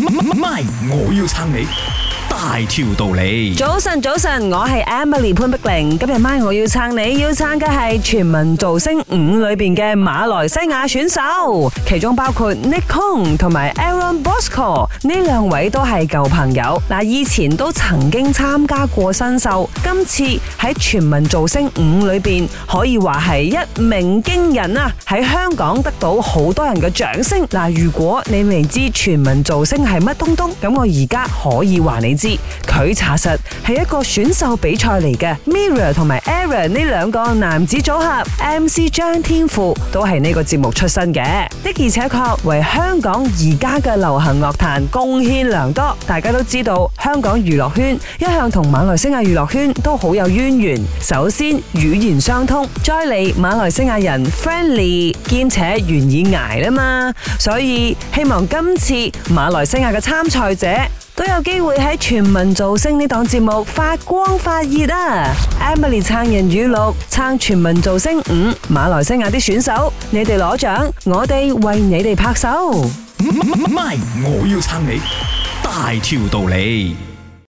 MY，ai，我要撐你。大條道理。早晨，早晨，我係 Emily 潘碧玲。今日晚我要撐你，要撐嘅係全民造星五裏邊嘅馬來西亞選手，其中包括 Nick Kong 同埋 Aaron Bosco 呢兩位都係舊朋友。嗱，以前都曾經參加過新秀，今次喺全民造星五裏邊可以話係一鳴驚人啊！喺香港得到好多人嘅掌聲。嗱，如果你未知全民造星係乜東東，咁我而家可以話你知。佢查實係一個選秀比賽嚟嘅，Mirror 同埋 Error 呢兩個男子組合，MC 張天賦都係呢個節目出身嘅，的而且確為香港而家嘅流行樂壇貢獻良多。大家都知道，香港娛樂圈一向同馬來西亞娛樂圈都好有淵源，首先語言相通，再嚟馬來西亞人 friendly，兼且願意挨啦嘛，所以希望今次馬來西亞嘅參賽者。都有機會喺全民造星呢檔節目發光發熱啊！Emily 撐人語錄，撐全民造星五，馬來西亞啲選手，你哋攞獎，我哋為你哋拍手。唔係，我要撐你，大條道理。